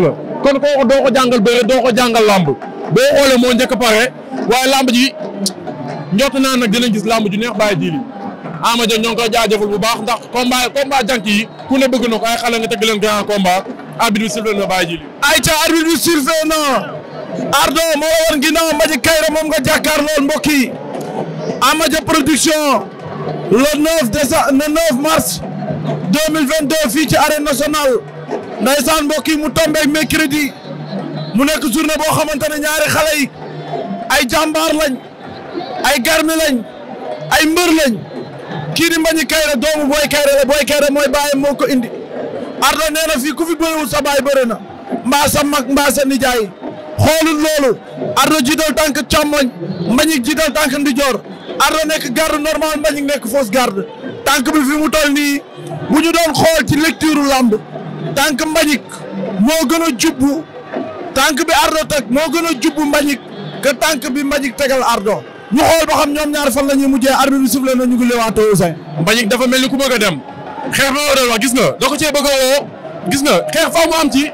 la kon kooku doo ko jàngal bëre doo ko jàngal làmb boo xoolee moo njëkk pare waaye làmb ji njott naa nag dinañ gis làmb ju neex bàyyi jiili Ama Dia ñoo ngi koy jaajëfal bu baax ndax combat combat jànk yi ku ne bëgg na ko ay xale nga tëgg leen grand combat arbitre bi sifflé na bàyyi jiili. ayca arbitre bi sifflé na Ardo moo la woon ginnaaw Madji Kaïré moom nga jàkkaarlool mbokk yi Ama a production le 9 décembre le 9 mars 2022 fii ci arène ndaysaan mbokk yi mu tombeeg mercredi mu nekk journée boo xamante ne ñaari xale yi ay jàmbaar lañ ay garmi lañ ay mbër lañ kii di Mbagnick Kaïré doomu Boy Kaïré la Boy Kaïré mooy baayam moo ko indi Ardo nee na fii ku fi bëriwul sa baay bëri na mbaa sa mag mbaa sa nijaay xoolul loolu Ardo jiital tànk càmmoñ Mbagnick jiital tànk ndijoor Ardo nekk garde normal Mbagnick nekk fausse garde tànk bi fi mu toll nii bu ñu doon xool ci lecture lamb tànk mbañik moo gën a jubbu tànk bi ardo teg moo gën a jubbu mbañik que tànk bi mbañik tegal ardo ñu xool ba xam ñoom ñaar fan la ñuy mujjee arbi bi sufle na ñu ngi leewaatoo Ousseyn mbañik dafa mel ni ku bëgg a dem xeex ma waral wax gis nga doo ko cee bëgg a woo gis nga xeex faaw mu am ci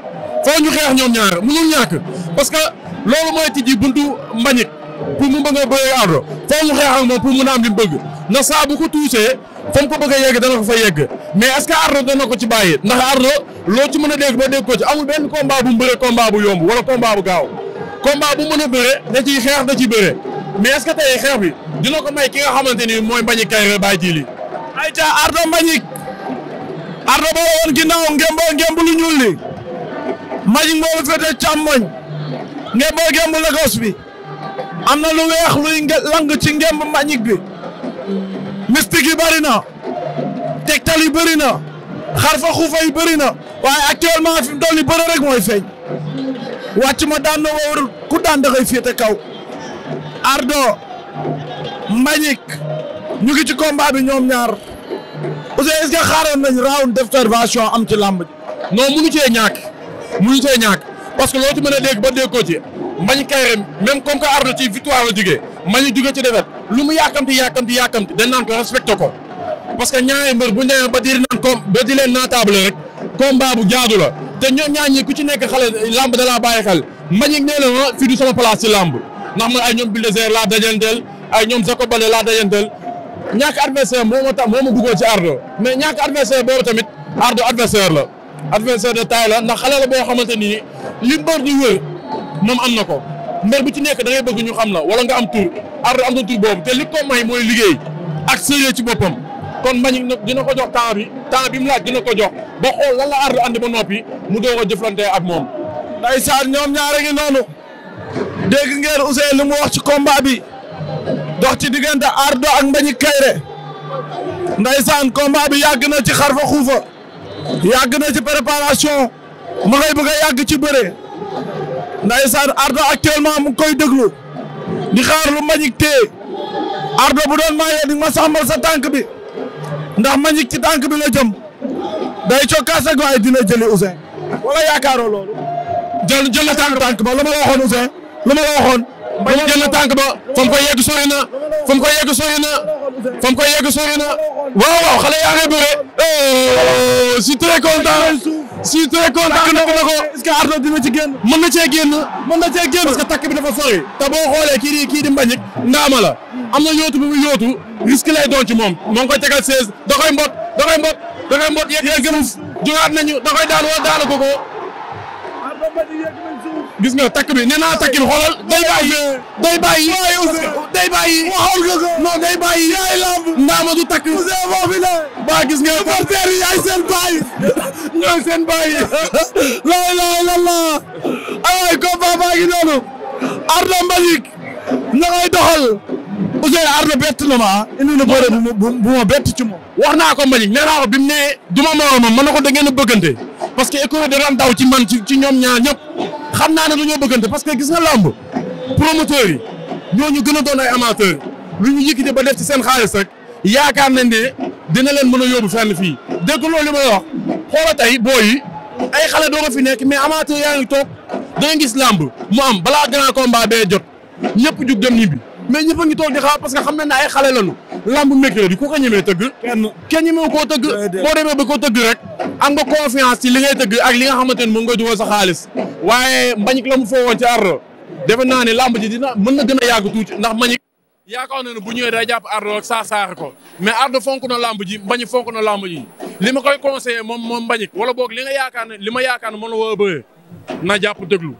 faaw ñu xeex ñoom ñaar mënul ñàkk parce que loolu mooy tijji buntu mbañik pour mu bëgg ardo faaw mu xeex moom pour mu na am li na saa bu tuusee fa ko bëgg a yegg dana ko fa yegg mais est ce que Ardo dana ko ci bàyyi ndax Ardo loo ci mën a dégg ba dégg ko ci amul benn combat bu mu bëre combat bu yomb wala combat bu gaaw combat bu mën a bëre da ciy xeex da ciy bëre mais est que tey xeex bi dina ko may ki nga xamante ni mooy Mbagnick Kaïré Baye Djily. ayca Ardo Mbagnick Ardo boo woon ginnaaw ngembo ngemb lu ñuul li Mbagnick moo féete càmmoñ ngembo ngemb Lagos bi am na lu weex luy lang ci ngemb Mbagnick bi. mystique yi bëri na tegtal yi bëri na xarfa xuufa yi bëri na waaye actuellement fi mu toll ni bëre rek mooy feeñ wàcc ma daan na wóorul ku daan da koy féete kaw Ardo Mbagnick ñu ngi ci combat bi ñoom ñaar parce que est-ce que nañ round d'observation am ci làmb ji non munu cee ñàkk munu cee ñàkk parce que loo ci mën a dégg ba dégg ko ci Mbagnick Kaïré même comme que Ardo ci victoire la jógee Mali jóge ci defet lu mu yàkkamti yàkkamti yàkkamti dañ naan ko respecté ko parce que ñaari mbër bu ñu ba di naan ko ba leen naataable rek combat bu jaadu te ñoom ñaar ñi ku ci nekk xale lamb da laa bàyyi xel Mbagnick nee na ma ah, fii du sama place ci lamb ndax man ay ñoom Bulldozer laa dajanteel ay ñoom Jacob Baldé laa dajanteel ñàkk adversaire moo ma tax moo ma duggoo ci Ardo mais ñàkk adversaire boobu tamit Ardo adversaire la adversaire de taille ndax xale la boo xamante ni li mbër di wër moom am na ko. mbër bu ci nekk da bëgg ñu xam na wala nga am tur Ardo am na tur boobu te li ko may mooy liggéey ak sérieux ci boppam kon mañu dina ko jox temps bi temps bi mu laaj dina ko jox ba xool lan la Ardo andi ba noppi mu doog a jëflante ak moom. ndeysaan ñoom ñaare ngi noonu dégg ngeen Ousseyn li mu wax ci combat bi dox ci digganta Ardo ak Mbagnick Kaïré ndeysaan combat bi yàgg na ci xarfa xuufa yàgg na ci préparation ma ngay bëgg a ci bëre. ndaysaan Ardo actuellement mu ngi koy déglu di xaar lu Mbagnick téye Ardo bu doon maa yee di ma saxmal sa tànk bi ndax Mbagnick ci tànk bi la jëm day cokkaas ak waaye dina jëli Ousseyn wala yaakaaroo loolu. jël jël na tànk tànk ba lu ma la waxoon Ousseyn lu ma la waxoon. Mbagnick ba fa mu koy yegg sori na fa koy yegg sori na fa koy yegg sori na waaw xale yaa ngi bëre. Eh, je suis très content. je suis très content takk na ko est-ce que Ardo dina ci génn. mën na cee génn. mën na cee génn parce que takk bi dafa sori. te boo xoolee kii di kii di mbañik ndaama la am na yóotu bu muy yóotu risque lay doon ci moom moo ngi koy tegal 16 da koy mbot da koy mbot da koy mbot yegg jugaat nañu da koy daan wala daanu ko ko. gis nga takk bi nee naa takk xoolal. day bàyyi day bàyyi. day bàyyi. waxoon nga ko non day bàyyi. yaay lamb ndaama du takk. Ousseyn gis nga supporter yi yaay seen baay. ñooy seen baay. la ilaha illallah. aywaay combat baa ngi noonu. Ardo Mbalik. ña ngay doxal. Ousseyn Ardo bett na ma. indi na bëre bu ma bett ci moom. wax naa ko Mbalik nee naa ko bi du ma moroomam mën na ko da ngeen a bëggante. parce que école da daan daw ci man ci ñoom ñaar ñëpp xam naa ne dañoo bëggante parce que gis na làmb promoteurs yi ñooñu gën a doon ay amateurs lu ñu yëkkite ba def ci seen xaalis rek yaakaar nañ ne dina leen mën a yóbbu fenn fii dégg loolu li may wax tey booy yi ay xale doo ko fi nekk mais amateur yaa ngi toog da nga gis làmb mu am balaa grand combat bee jot ñëpp jug dem ñibbi mais ñëpp a ngi toog di xaar parce que xam nañ ne ay xale lañu lamb mercredi ku ko ñemee tëgg. kenn kenn ñemewu koo tëgg. boo deme ba ko tëgg rek. am nga confiance ci li ngay tëgg ak li nga xamante ne moom nga dugal sa xaalis. waaye mbañik la mu foogoon ardo defe naa ne lamb ji dina mën na gën a yàgg tuuti ndax mbañik. yaakaar na ne bu ñëwee day jàpp ardo rek saa ko mais ardo fonk na lamb ji mbañik fonk na lamb ji li ma koy conseillé moom moom mbañik wala boog li nga yaakaar ne li ma yaakaar ne mën na woo bëree na jàpp déglu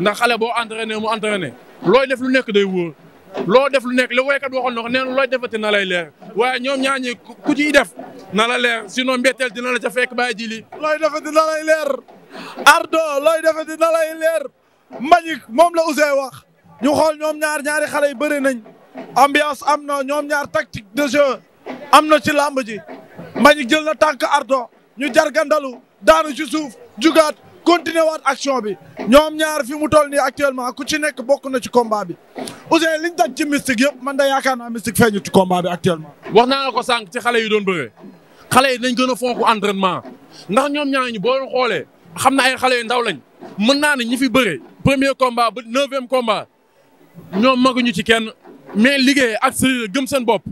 ndax xale boo entraîné mu entraîné looy def lu nekk day wóor loo def lu nekk le woykat waxoon na ko nee na looy defati na lay leer waaye ñoom ñaar ñi ku ciy def na la leer sinon mbetteel dina la ca fekk bàyyi ji lii. looy defati na lay leer Ardo looy defati na lay leer Mbagnick moom la Ouzin wax ñu xool ñoom ñaar ñaari xale yi bëri nañ ambiance am na ñoom ñaar tactique de jeu am na ci làmb ji jël na tànk Ardo ñu jargandalu daanu ci suuf jugaat continuer waat action bi ñoom ñaar fi mu toll nii actuellement ku ci nekk bokk na ci combat bi Ouzin liñ daj ci mystique yëpp man da yaakaar naa mystique feeñu ci combat bi actuellement. wax naa la ko sànq ci xale yi doon bëre xale yi nañ gën a fonk entraînement ndax ñoom ñaar ñi boo xoolee xam na ay xale yu ndaw lañ mën naa ne ñi fi bëre premier combat ba neuvième komba ñoom maguñu ci kenn mais liggéey ak sérieux gëm seen bopp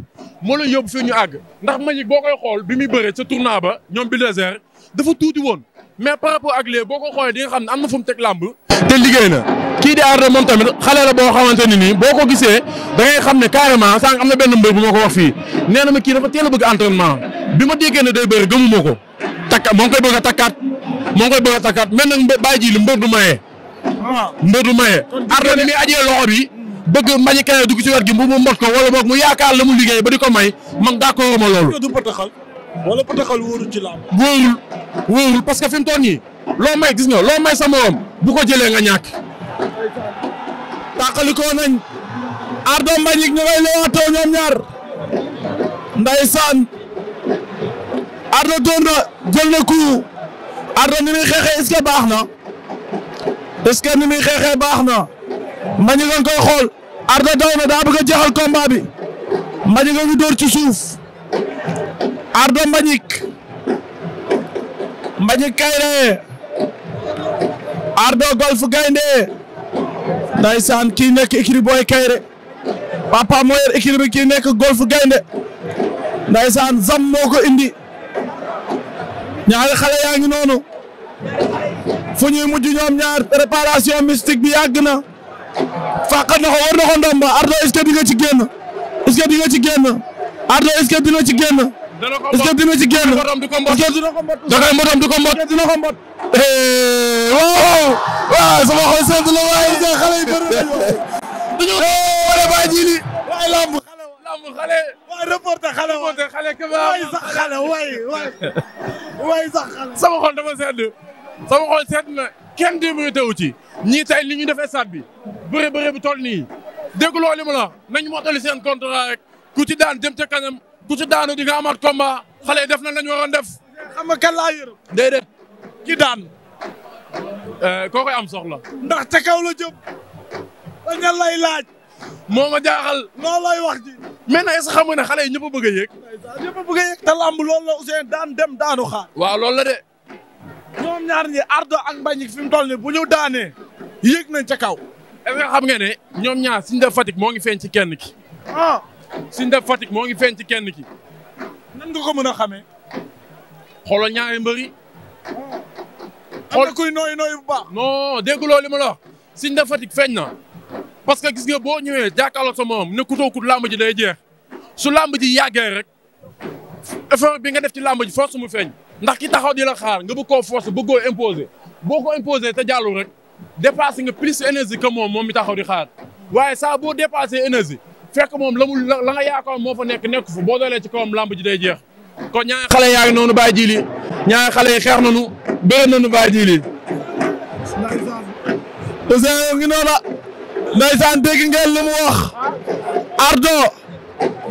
moo la yóbbu fii ñu àgg ndax ma Mbagnick boo koy xool bi muy bëre ca tournoi ba ñoom bi désert dafa tuuti woon. mais par rapport boo ko xoolee di xam ne am na fu mu teg làmb te liggéey na kii di Ardo moom tamit xale la boo xamante ni nii boo ko gisee da xam ne carrément sànq am na benn mbër bu moo ko wax fii nee na ma kii dafa teel a bëgg entraînement bi ma déggee ne day bëri gëmuma ko takka moo koy bëgg a takkaat moo koy bëgg a takkaat mais nag bàyyi ji li mbër du maye mbër du maye Ardo ni muy ajee loxo bi bëgg mbañi keneen dugg ci wet gi mu mbot ko wala boog mu yaakaar la mu liggéey ba di ko may man d'accord ma loolu wala pataxal wóorul ci làmb. wóorul wóorul parce que fi mu gis nga loo sa morom bu ko jëlee nga ñàkk. tàqalikoo nañ. Ardo Mbagnick ñu ngay leewaatoo ñoom ñaar. Ndeysaan. Ardo doon na jël na coup. Ardo ni xeexee est-ce que baax na. est-ce que ni muy xeexee baax na. a nga koy xool. Ardo daw na daa bëgg a jeexal combat bi. Mbagnick nga ñu ci suuf. Ardo Mbagnick Mbagnick Kaïré Ardo Golf Gaynde ndaysaan kii nekk écurie Boy Kaïré papa moo yor écurie bi kii nekk Gaynde ndaysaan zam moo ko indi ñaari xale yaa ngi noonu fu ñuy mujj ñoom ñaar préparation mystique bi yàgg na fàqat na ko war na ko ndomba Ardo est-ce que nga ci génn est-ce que di nga ci génn Ardo est-ce que dina ci génn est-ce que dina ci génn est-ce que dina ko mbot da koy mbotam du ko mbot dina ko mbot eh, waaw waaw sama xol sedd la waaye xale yi bëri nañu duñu eh, wala waaye lamb xale lamb xale waaye reporter xale reporter xale waaye sax xale waaye waaye kenn démb teewu ci ñii tey li ñu def stade bi tol nii dégg loolu li mu la nañu mottali seen contrat rek ku daan dem ca kanam ku ci daanu di nga amaat combat xale def nañ la ñu waroon def. xam nga kan laa yërëm. déedéet ki daan. Eh, koo koy am ndax ca kaw la jëm. dañu lay laaj. moo ma jaaxal. noo lay wax ji. mais nag xam nga ne xale yi ñëpp a bëgg a yëg. ñëpp a a lamb loolu la Ousseyn daan dem daanu xaar. waaw loolu la de. ñoom ñaar ñi Ardo ak Mbagnick fi mu toll nii bu ñu daanee. yëg nañ ca kaw. est xam nga ne ñoom ñaar suñu def Fatick moo ngi feeñ ci kenn ki. Ah. suñ def Fatick moo ngi feeñ ci kenn ki. nan nga ko mën a xamee. xoolal ñaari mbër yi. xool am kuy nooyu nooyu bu baax. non dégguloo li ma la wax suñ def Fatick feeñ na parce que gis nga boo ñëwee jàkkaarloo sa moom ne kutoo kut ji day jeex su làmb ji yàggee rek effort bi nga def ci làmb ji force mu feeñ. ndax ki taxaw di la xaar nga bëgg koo force bëggoo imposer boo ko imposer te jàllul rek dépassé nga plus énergie que moom moom mi taxaw di xaar waaye saa boo dépassé énergie. fekk moom la mu la nga yaakaar moo fa nekk nekk fu boo doolee ci kawam lamb ji day jeex. kon ñaa xale yaa ngi noonu bàyyi ji lii xale yi xeex nañu bëre nañu bàyyi ji lii. Ousseyn yow ngi noona ndeysaan dégg ngeen li mu Ardo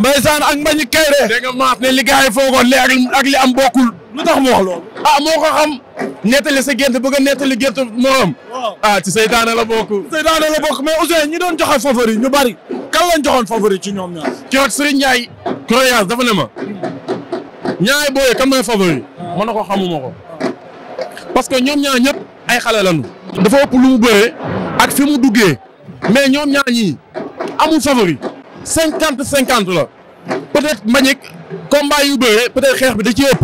ndeysaan ak Mbagnick Kaïré. dégg maat ne li gars yi foogoon li ak li am bokkul lu tax mu wax loolu. ah moo ko xam. nettali sa gént bëgg a nettali gént morom. ah ci seytaane la bokk. seytaane la bokk mais Ousseyn ñi doon joxe favori ñu bari. kan lañ joxoon favori ci ñoom ñaar. keroog Serigne Ndiaye. croyance dafa ne ma. ñaari booyee kan mooy favori. Ah. mën na ko xamuma ko. parce que ñoom ñaar ñëpp ay xale lañu. dafa ëpp lu mu bëree. ak fi mu duggee. mais ñoom ñaar ñii amul favori. cinquante cinquante la. peut-être Mbagnick combat yu bëree peut-être xeex bi da ci ëpp.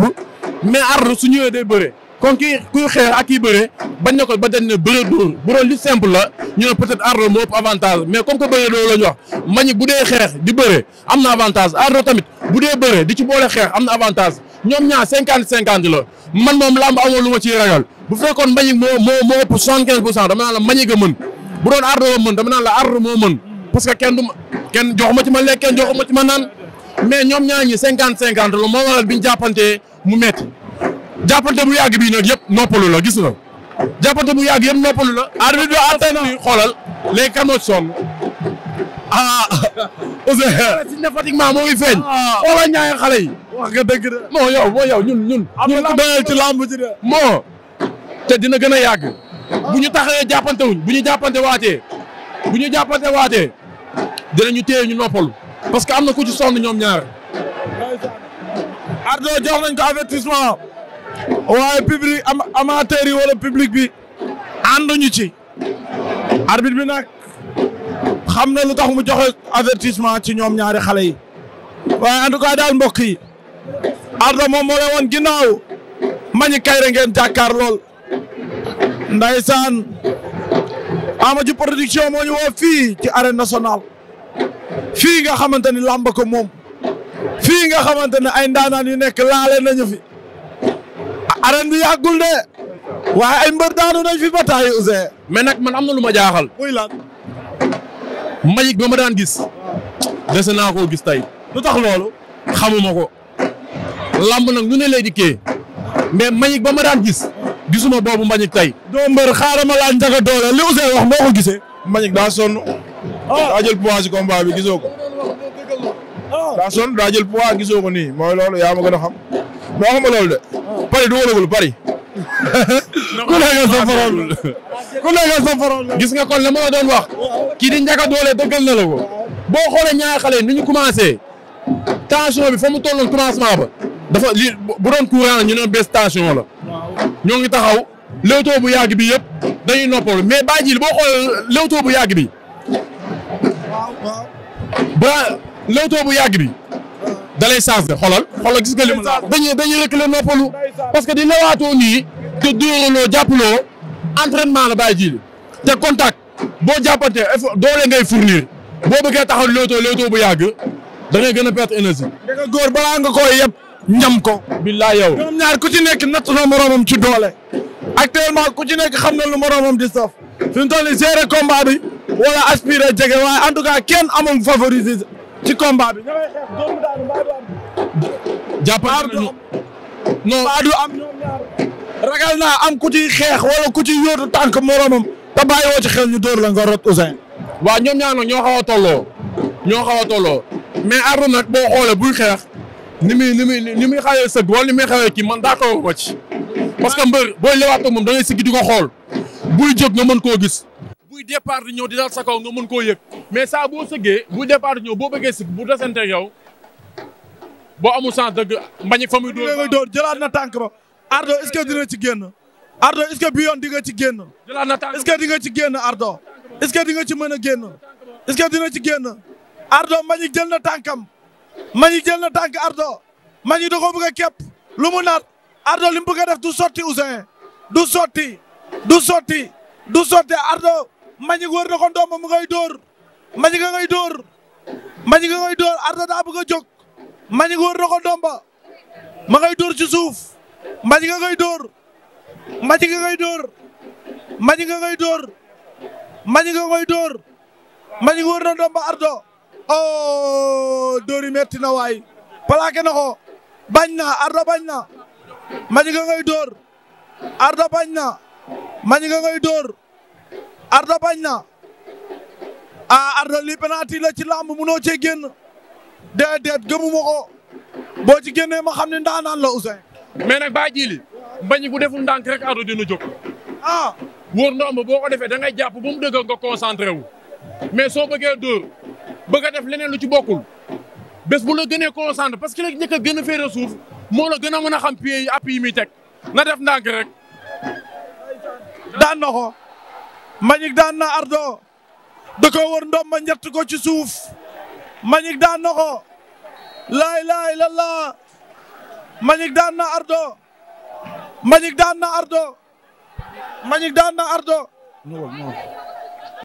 mais Ardo su ñëwee day bëree. kon kii kuy xeex ak kii bëre bañ na ko ba dañ ne bëre dóor bu doon lu simple la ñu ne peut-être ardo moo ëpp avantage mais comme que bëre dóor la ñu wax mañi bu dee xeex di bëre am na avantage ardo tamit bu dee bëre di ci boole xeex am na avantage ñoom ñaar cinquante cinquante la man moom làmb amoon lu ma ci ragal bu fekkoon mañi moo moo moo ëpp soixante-quinze pour cent dama naan la mañi nga mën bu doon ardo la mën dama naan la ardo moo mën parce que kenn jox ma ci ma lekk kenn joxu ma ci ma naan mais ñoom ñaar ñi cinquante cinquante la moo bi ñu jàppantee mu métti jàppante bu yàgg bii nag yëpp noppalu la gis nga jàppante bu yàgg yëpp noppalu la. arbitre bi atte na xoolal léegi kan sonn ah Ousseyn pratiquement moo ngi feeñ. Ah. xoolal ñaari xale yi. wax nga dëgg de. non yow mooy yow ñun ñun. ñun ku doyal ci làmb moo te dina gën a yàgg. Ah. bu ñu taxawee jàppante wuñ bu ñu jàppante waatee bu ñu jàppante waatee dinañu téye ñu noppalu. parce que am na ku ci sonn ñoom ñaar. Ardo jox nañ ko avertissement. waaye public am amateur yi wala public bi ànduñu ci arbitre bi nag xam na lu tax mu joxe avertissement ci ñoom ñaari xale yi waaye en tout daal mbokk yi Ardo moom moo leen woon ginnaaw Mbagnick Kaïré ngeen jàkkaar lool ndaysaan Amadou production moo ñu woo fii ci arène nationale fii nga xamante ni làmb ko moom fii nga xamante ne ay ndaanaan yu nekk laale nañu fi arène bi yàggul de waaye ay mbër daanu nañ fi bataay Ousseyn. mais nag man am na lu ma jaaxal. muy lan. ba ma daan gis. dese naa ko gis tey. lu tax loolu. xamuma ko. lamb nag nu ne lay dikkee. mais Magic ba ma daan gis. gisuma boobu Magic tey. doo mbër xaaral ma laaj njëkk a doole li Ousseyn wax moo ko gisee. Magic ah. ah. daa sonn. daa jël poids gisoo ko. daa nii mooy loolu yaa ma gën a xam. mais waxuma loolu de. Ah. Bally dugalagul bari. ku nekk sa faral gis nga kon la ma la doon wax kii di njaka doole dëggal na la boo xoolee ñaari xale ni ñu commencé tension bi fa mu tolloon commencement ba dafa li bu doon courant ñu ne bés tension la ñoo ngi taxaw léwtoo bu yàgg bi yëpp dañuy noppalu mais baa jil boo xoolee léwtoo bu yàgg bi ba léwtoo bu yàgg bi gis nga li dañuy dañuy reculer noppalu parce que di lewaatoo nii te dóoraloo jàppaloo entraînement la bàyyi jiili te contact boo jàppante doole ngay fournir boo bëggee taxaw léewtoo léewtoo bu yàgg da ngay gën a perte énergie. da nga góor balaa ñam ko. billaa yow ñoom ñaar ku ci nekk natt na moroomam ci doole. actuellement ku ci nekk xam na lu moroomam di saf fi mu toll nii wala aspirer jege waaye en tout cas kenn amul favoriser ci combat bi. jàppante non ba am ñoom ragal naa am ku xeex wala ku ci yóotu tànk moromam te bàyyiwoo ci xel ñu dóor la nga rot Ousseyn. waaw ñoom ñaar ñoo xaw a tolloo ñoo xaw a tolloo mais Ardo nag boo xoolee buy xeex ni muy ni muy ni muy xawee sëgg wala ni muy xawee kii man daa ko ko ci. parce que mbër booy lewaatoo moom da ngay di ko xool buy jóg nga mën koo gis. buy départ di ñëw di dal sa kaw nga mën koo yëg mais saa boo sëggee buy départ di ñëw boo bëggee sigg bu desante yow boo amul chance dëgg mbañik fa muy dóor na tànk ba Ardo est dina ci génn Ardo est-ce yoon di nga ci génn jëlaat na tànk est-ce nga ci génn Ardo est-ce nga ci mën a génn est-ce que dina ci génn Ardo mbañik jël na tànkam mbañik jël na tànk Ardo mbañik da ko bëgg a lu mu naat Ardo li mu bëgg def du sotti Ousseyn du sotti du sotti du sotti Ardo mbañik wër na ko ndoom mu ngay door mbañik a ngay dóor mbañik a ngay dóor Ardo daa bëgg a jóg Mbagnick wër na ko domba ma ngay dóor ci suuf Mbagnick a ngay dóor Mbagnick a yi dóor Mbagnick a ngay dóor Mbagnick a wër na domba ardo oh dóor yi metti na waay plaqué na ko bañ na ardo bañ na Mbagnick a ngay dóor ardo bañ na Mbagnick a ngay ardo bañ na ah, ardo lii penalty la ci lamb munoo cee génn déedéet gëmuma ko boo ci génnee ma xam ne ndaanaan la Ousseyn. mais nag baa jili mbañ bu deful ndànk rek Ardo dina jóg. ah wóor ndomb boo ko defee da ngay jàpp ba mu dëgg nga concentré wu. mais soo bëggee dóor bëgg a def leneen lu ci bokkul bés bu la gënee concentré parce que la njëkk a gën a suuf moo la gën a mën a xam pieds muy teg na def ndànk rek. daan na ko. Mbagnick daan na Ardo da ko wër ndomba ñett ko ci suuf. Manick daan na ko la ilaaha illallaah Manick daan na Ardo Manick daan na daan na Ardo